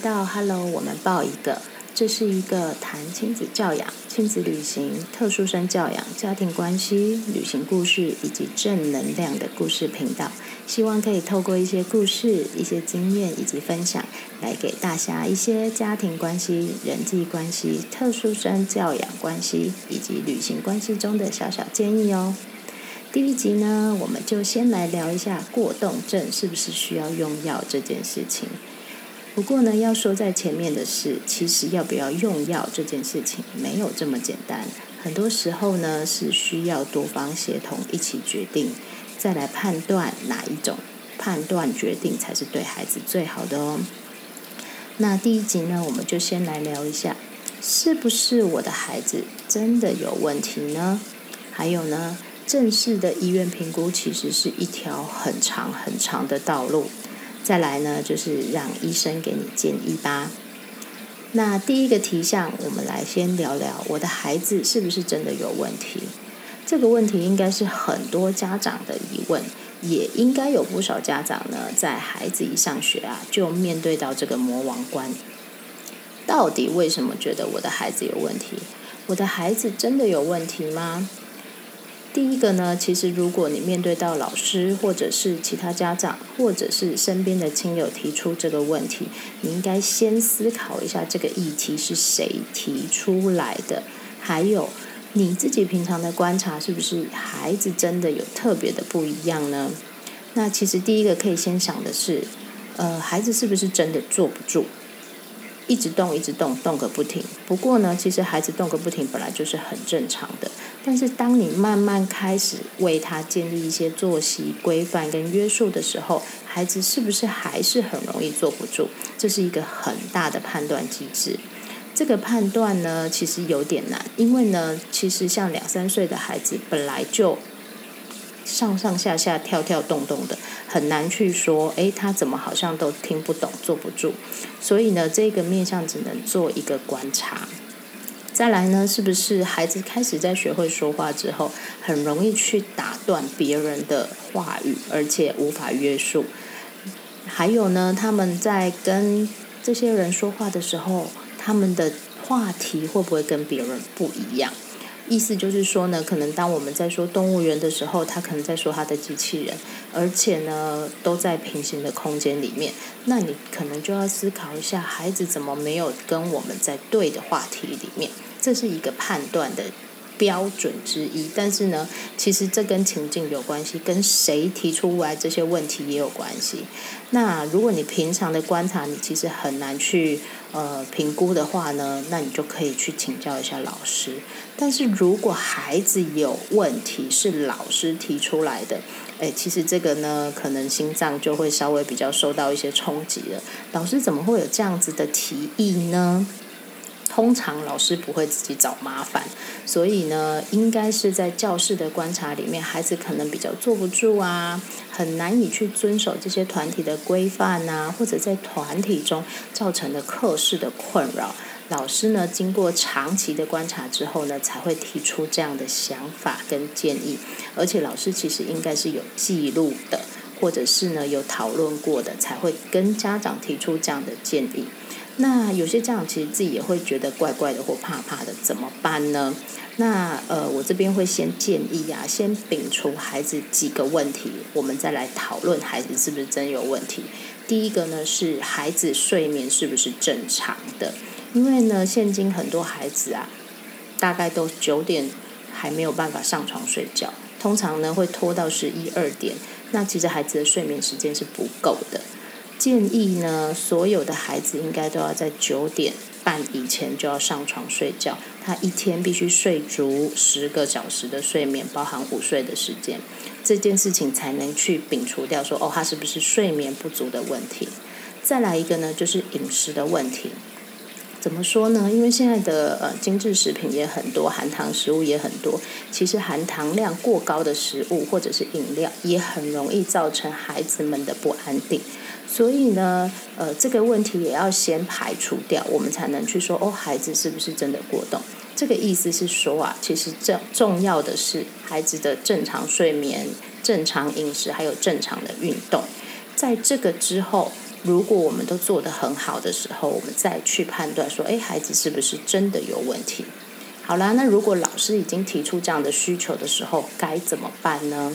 到哈嘍，Hello, 我們報一個，這是一個談親子教養、親子旅行、特殊生教養、家庭關係、旅行故事以及正能量的故事頻道。希望可以透過一些故事、一些經驗以及分享，來給大家一些家庭關係、人際關係、特殊生教養關係以及旅行關係中的小小建議哦。第一集呢，我們就先來聊一下過動症是不是需要用藥這件事情。不過呢，要說在前面的是，其實要不要用藥這件事情沒有這麼簡單，很多時候呢是需要多方協同一起決定，再來判斷哪一種判斷決定才是對孩子最好的哦。那第一集呢，我們就先來聊一下，是不是我的孩子真的有問題呢？還有呢，正式的醫院評估其實是一條很長很長的道路。再來呢，就是讓醫生給你建議吧。那第一個題項，我們來先聊聊，我的孩子是不是真的有問題？這個問題應該是很多家長的疑問，也應該有不少家長呢，在孩子一上學啊，就面對到這個魔王關。到底為什麼覺得我的孩子有問題？我的孩子真的有問題嗎？第一個呢，其實如果你面對到老師或者是其他家長，或者是身邊的親友提出這個問題，你應該先思考一下這個議題是誰提出來的，還有你自己平常的觀察，是不是孩子真的有特別的不一樣呢？那其實第一個可以先想的是，呃，孩子是不是真的坐不住？一直動，一直動，動個不停。不過呢，其實孩子動個不停本來就是很正常的。但是當你慢慢開始為他建立一些作息規範跟約束的時候，孩子是不是還是很容易坐不住？這是一個很大的判斷機制。這個判斷呢，其實有點難，因為呢，其實像兩三歲的孩子本來就上上下下跳跳動動的，很難去說，哎，他怎麼好像都聽不懂，坐不住。所以呢，這個面向只能做一個觀察。再來呢，是不是孩子開始在學會說話之後，很容易去打斷別人的話語，而且無法約束？還有呢，他們在跟這些人說話的時候，他們的話題會不會跟別人不一樣？意思就是說呢，可能當我們在說動物園的時候，他可能在說他的機器人，而且呢，都在平行的空間裡面。那你可能就要思考一下，孩子怎麼沒有跟我們在對的話題裡面？這是一個判斷的標準之一，但是呢，其實這跟情境有關係，跟誰提出來這些問題也有關係。那如果你平常的觀察你其實很難去呃評估的話呢，那你就可以去請教一下老師。但是如果孩子有問題是老師提出來的，誒，其實這個呢，可能心臟就會稍微比較受到一些衝擊了。老師怎麼會有這樣子的提議呢？通常老師不會自己找麻煩，所以呢，應該是在教室的觀察裡面，孩子可能比較坐不住啊，很難以去遵守這些團體的規範啊，或者在團體中造成的課室的困擾。老師呢，經過長期的觀察之後呢，才會提出這樣的想法跟建議。而且老師其實應該是有記錄的，或者是呢有討論過的，才會跟家長提出這樣的建議。那有些家長其實自己也會覺得怪怪的或怕怕的，怎麼辦呢？那呃，我這邊會先建議啊，先摒除孩子幾個問題，我們再來討論孩子是不是真有問題。第一個呢是孩子睡眠是不是正常的？因為呢，現今很多孩子啊，大概都九點還沒有辦法上床睡覺，通常呢會拖到十一二點，那其實孩子的睡眠時間是不夠的。建議呢，所有的孩子應該都要在九點半以前就要上床睡覺。他一天必須睡足十個小時的睡眠，包含午睡的時間。這件事情才能去摒除掉說哦，他是不是睡眠不足的問題。再來一個呢，就是飲食的問題。怎麼說呢？因為現在的呃精致食品也很多，含糖食物也很多，其實含糖量過高的食物或者是飲料也很容易造成孩子們的不安定。所以呢，呃，這個問題也要先排除掉，我們才能去說哦，孩子是不是真的過動？這個意思是說啊，其實正重要的是孩子的正常睡眠、正常飲食還有正常的運動。在這個之後，如果我們都做得很好的時候，我們再去判斷說，哎，孩子是不是真的有問題？好啦，那如果老師已經提出這樣的需求的時候，該怎麼辦呢？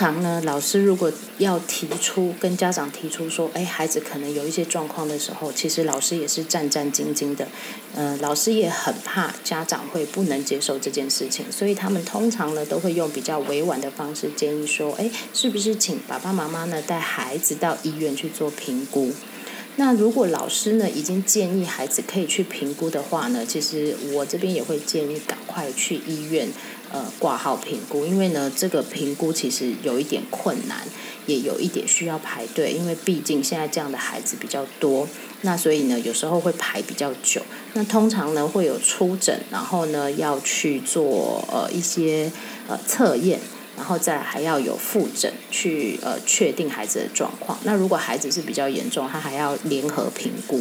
常呢，老師如果要提出、跟家長提出說，誒、欸，孩子可能有一些狀況的時候，其實老師也是戰戰兢兢的，嗯、呃，老師也很怕家長會不能接受這件事情，所以他們通常呢都會用比較委婉的方式建議說，誒、欸，是不是請爸爸媽媽呢帶孩子到醫院去做評估？那如果老師呢已經建議孩子可以去評估的話呢，其實我這邊也會建議趕快去醫院。呃，掛號評估，因為呢，這個評估其實有一點困難，也有一點需要排隊，因為畢竟現在這樣的孩子比較多，那所以呢，有時候會排比較久。那通常呢，會有初診，然後呢，要去做呃一些呃測驗，然後再還要有複診去呃確定孩子的狀況。那如果孩子是比較嚴重，他還要聯合評估。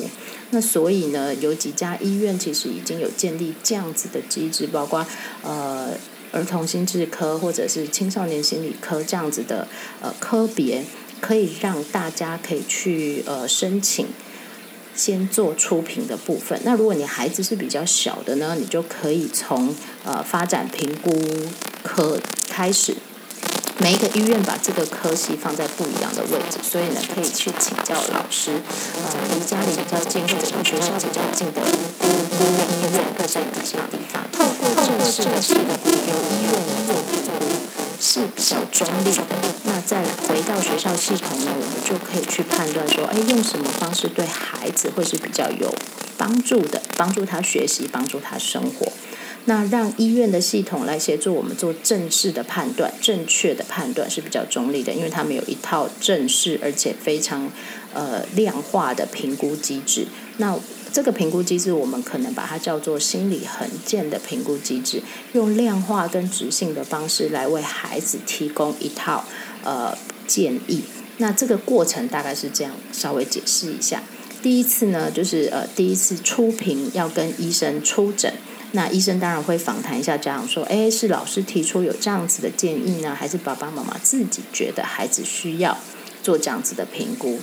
那所以呢，有幾家醫院其實已經有建立這樣子的機制，包括呃兒童心智科或者是青少年心理科這樣子的呃科別，可以讓大家可以去呃申請，先做初評的部分。那如果你孩子是比較小的呢，你就可以從呃發展評估科開始。每一個醫院把這個科系放在不一樣的位置，所以呢，可以去請教老師，呃、嗯、離家裡比較近或者離學校比較近的評估醫院、各院、各、嗯、些的地方。嗯正式的系統由醫院負責，是比較中立的。那再回到學校系統呢，我們就可以去判斷說，誒，用什麼方式對孩子會是比較有幫助的，幫助他學習，幫助他生活。那讓醫院的系統來協助我們做正式的判斷，正確的判斷是比較中立的，因為他們有一套正式而且非常呃量化的評估機制。那這個評估機制，我們可能把它叫做心理衡鑑的評估機制，用量化跟質性的方式來為孩子提供一套呃建議。那這個過程大概是這樣，稍微解釋一下。第一次呢，就是呃第一次初評要跟醫生初診，那醫生當然會訪談一下家長，說，誒，是老師提出有這樣子的建議呢，還是爸爸媽媽自己覺得孩子需要做這樣子的評估？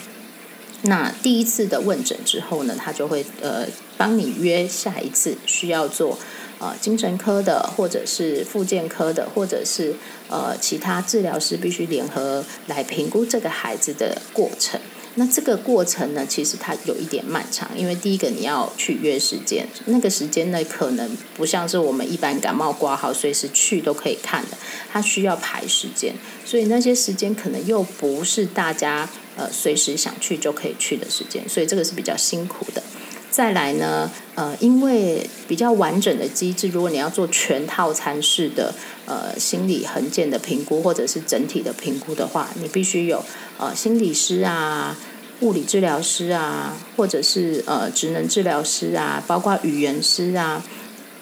那第一次的問診之後呢，他就會呃幫你約下一次需要做呃精神科的，或者是復健科的，或者是呃其他治療師必須聯合來評估這個孩子的過程。那這個過程呢，其實它有一點漫長，因為第一個你要去約時間，那個時間呢可能不像是我們一般感冒掛號隨時去都可以看的，它需要排時間，所以那些時間可能又不是大家。呃，隨時想去就可以去的時間，所以這個是比較辛苦的。再來呢，呃，因為比較完整的機制，如果你要做全套餐式的呃心理衡鑑的評估，或者是整體的評估的話，你必須有呃心理師啊、物理治療師啊，或者是呃職能治療師啊，包括語言師啊。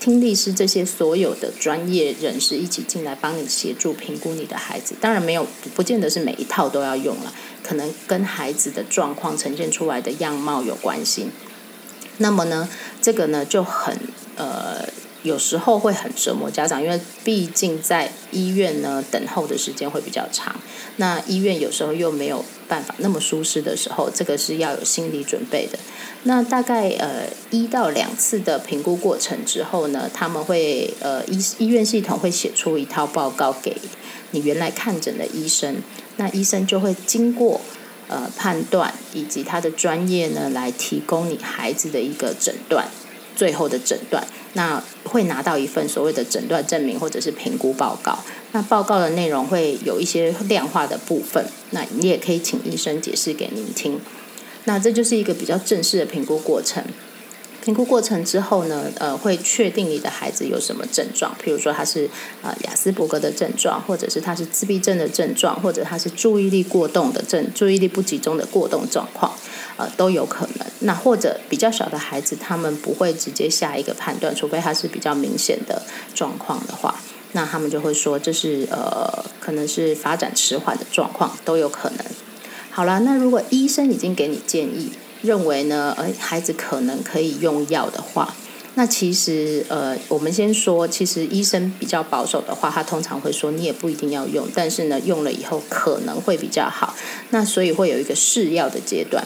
聽力師這些所有的專業人士一起進來幫你協助評估你的孩子，當然沒有，不見得是每一套都要用了，可能跟孩子的狀況呈現出來的樣貌有關係。那麼呢，這個呢就很呃。有時候會很折磨家長，因為畢竟在醫院呢，等候的時間會比較長，那醫院有時候又沒有辦法那麼舒適的時候，這個是要有心理準備的。那大概呃一到兩次的評估過程之後呢，他們會呃醫醫院系統會寫出一套報告給你原來看診的醫生，那醫生就會經過呃判斷以及他的專業呢，來提供你孩子的一個診斷。最後的診斷，那會拿到一份所謂的診斷證明或者是評估報告。那報告的內容會有一些量化的部分，那你也可以請醫生解釋給您聽。那這就是一個比較正式的評估過程。評估過程之後呢，呃，會確定你的孩子有什麼症狀，譬如說他是呃亞斯伯格的症狀，或者是他是自閉症的症狀，或者他是注意力過動的症，注意力不集中的過動狀況，呃，都有可能。那或者比較小的孩子，他們不會直接下一個判斷，除非他是比較明顯的狀況的話，那他們就會說這是呃可能是發展遲緩的狀況，都有可能。好了，那如果醫生已經給你建議，認為呢，呃，孩子可能可以用藥的話，那其實，呃，我們先說，其實醫生比較保守的話，他通常會說你也不一定要用，但是呢，用了以後可能會比較好，那所以會有一個試藥的階段。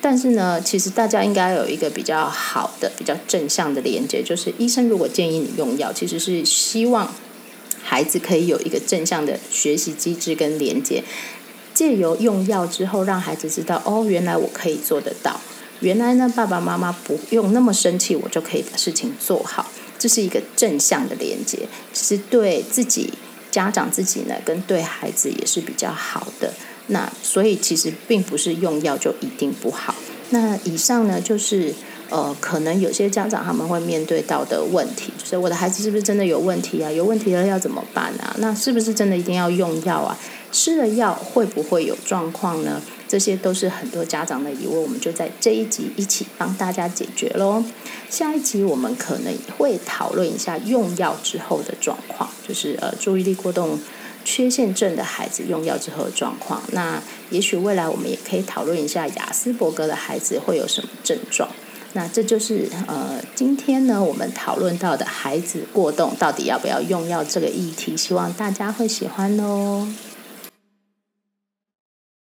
但是呢，其實大家應該有一個比較好的、比較正向的連接，就是醫生如果建議你用藥，其實是希望孩子可以有一個正向的學習機制跟連接。借由用藥之後，讓孩子知道哦，原來我可以做得到。原來呢，爸爸媽媽不用那麼生氣，我就可以把事情做好。這是一個正向的連接，其實對自己、家長自己呢，跟對孩子也是比較好的。那所以其實並不是用藥就一定不好。那以上呢，就是呃，可能有些家長他們會面對到的問題，就是我的孩子是不是真的有問題啊？有問題了要怎麼辦啊？那是不是真的一定要用藥啊？吃了藥會不會有狀況呢？這些都是很多家長的疑問，我們就在這一集一起幫大家解決嘍。下一集我們可能會討論一下用藥之後的狀況，就是呃注意力過動缺陷症的孩子用藥之後的狀況。那也許未來我們也可以討論一下亞斯伯格的孩子會有什麼症狀。那這就是呃今天呢，我們討論到的孩子過動，到底要不要用藥這個議題，希望大家會喜歡哦。